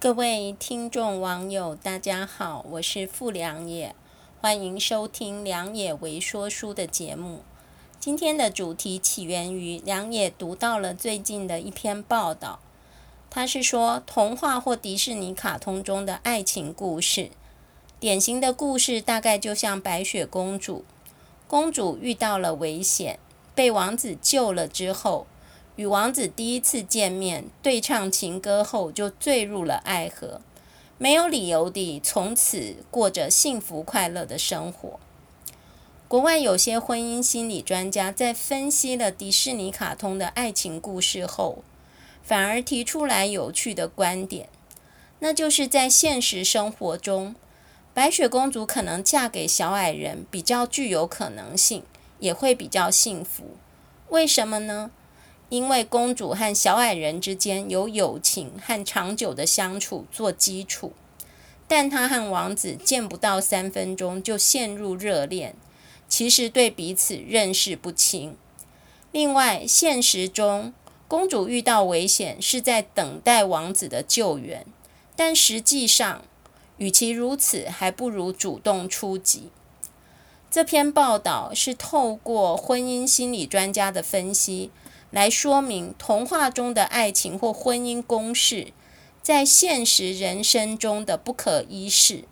各位聽眾網友，大家好，我是傅良也，歡迎收聽良也微說書的節目。今天的主題起源於良也讀到了最近的一篇報道，它是說童話或迪士尼卡通中的愛情故事，典型的故事大概就像白雪公主，公主遇到了危險，被王子救了之後，與王子第一次見面，對唱情歌後就墜入了愛河，沒有理由地從此過着幸福快樂的生活。國外有些婚姻心理專家在分析了迪士尼卡通的愛情故事後，反而提出來有趣的觀點，那就是在現實生活中，白雪公主可能嫁給小矮人比較具有可能性，也會比較幸福。為什麼呢？因為公主和小矮人之間有友情和長久的相處做基礎，但她和王子見不到三分鐘就陷入熱戀，其實對彼此認識不清。另外，現實中公主遇到危險是在等待王子的救援，但實際上，與其如此，還不如主動出擊。這篇報道是透過婚姻心理專家的分析。來說明童話中的愛情或婚姻公式，在現實人生中的不可一世。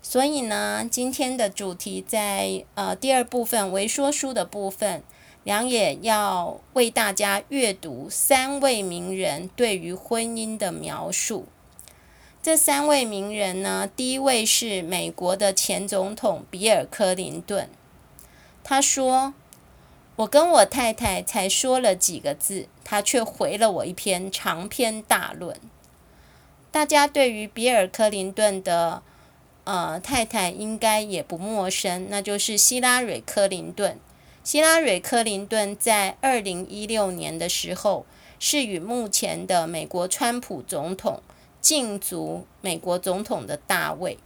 所以呢，今天的主題在呃第二部分微說書的部分，良也要為大家閱讀三位名人對於婚姻的描述。這三位名人呢，第一位是美國的前總統比爾·克林頓，他說，我跟我太太才說了幾個字，她卻回了我一篇長篇大論。大家對於比爾·克林頓的呃太太應該也不陌生，那就是希拉蕊·克林頓。希拉蕊·克林頓在二零一六年的時候，是與目前的美國川普總統競逐美國總統的大位。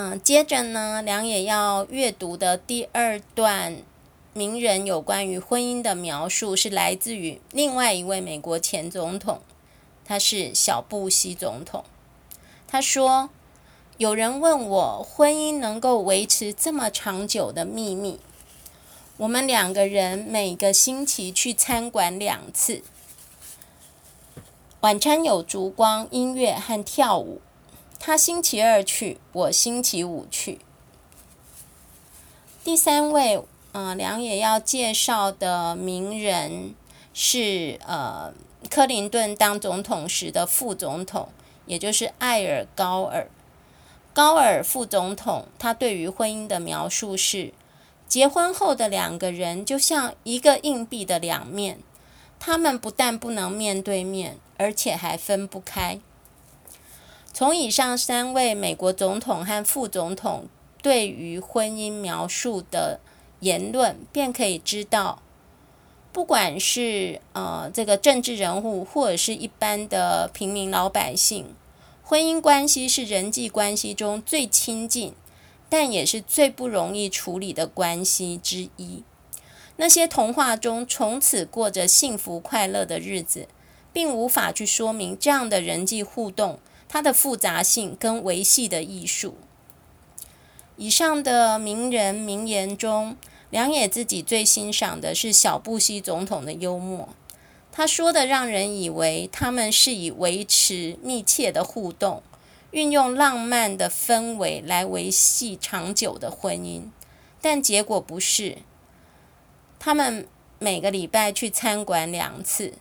嗯，接着呢，良也要閱讀的第二段名人有關於婚姻的描述，是來自於另外一位美國前總統，他是小布希總統。他說：“有人問我，婚姻能夠維持這麼長久的秘密？我們兩個人每個星期去餐館兩次，晚餐有燭光、音樂和跳舞。”他星期二去，我星期五去。第三位，呃良也要介紹的名人是呃，克林頓當總統時的副總統，也就是艾爾·高爾。高爾副總統，他對於婚姻的描述是：結婚後的兩個人就像一個硬幣的兩面，他們不但不能面對面，而且還分不開。從以上三位美國總統和副總統對於婚姻描述的言論，便可以知道，不管是呃這個政治人物，或者是一般的平民老百姓，婚姻關係是人際關係中最親近，但也是最不容易處理的關係之一。那些童話中從此過着幸福快樂的日子，並無法去說明這樣的人際互動。他的複雜性跟維繫的藝術。以上的名人名言中，良也自己最欣賞的是小布希總統的幽默。他說的讓人以為他們是以維持密切的互動，運用浪漫的氛圍來維繫長久的婚姻，但結果不是。他們每個禮拜去餐館兩次。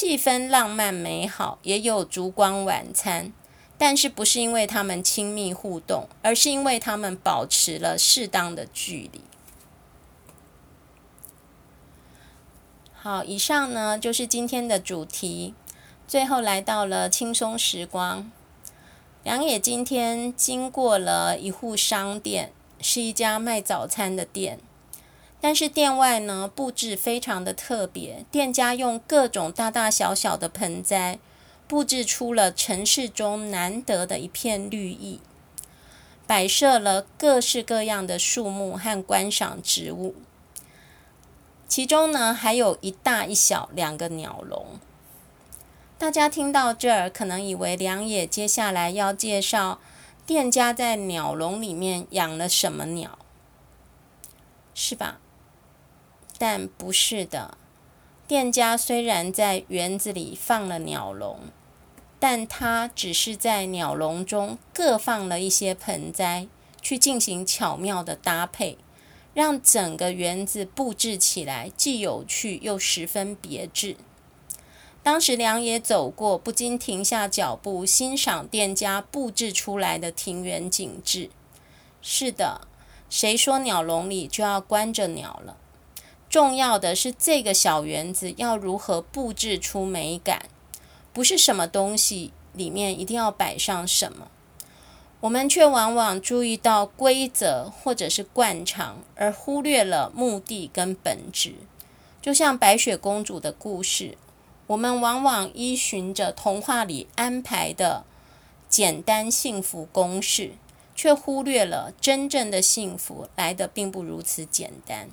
氣氛浪漫美好，也有燭光晚餐，但是不是因為他們親密互動，而是因為他們保持了適當的距離。好，以上呢就是今天的主題。最後來到了輕鬆時光，良也今天經過了一戶商店，是一家賣早餐的店。但是店外呢，佈置非常的特別，店家用各種大大小小的盆栽，佈置出了城市中難得的一片綠意，擺設了各式各樣的樹木和觀賞植物，其中呢，還有一大一小兩個鳥籠。大家聽到這兒，可能以為良也接下來要介紹店家在鳥籠裡面養了什麼鳥，是吧？但不是的，店家雖然在園子裡放了鳥籠，但他只是在鳥籠中各放了一些盆栽，去進行巧妙的搭配，讓整個園子布置起來既有趣又十分別緻。當時良也走過，不禁停下腳步，欣賞店家布置出來的庭園景致。是的，誰說鳥籠裡就要關着鳥了？重要的是這個小園子要如何布置出美感，不是什麼東西裡面一定要擺上什麼。我們卻往往注意到規則或者是慣常，而忽略了目的跟本質。就像白雪公主的故事，我們往往依循着童話裡安排的簡單幸福公式，卻忽略了真正的幸福來得並不如此簡單。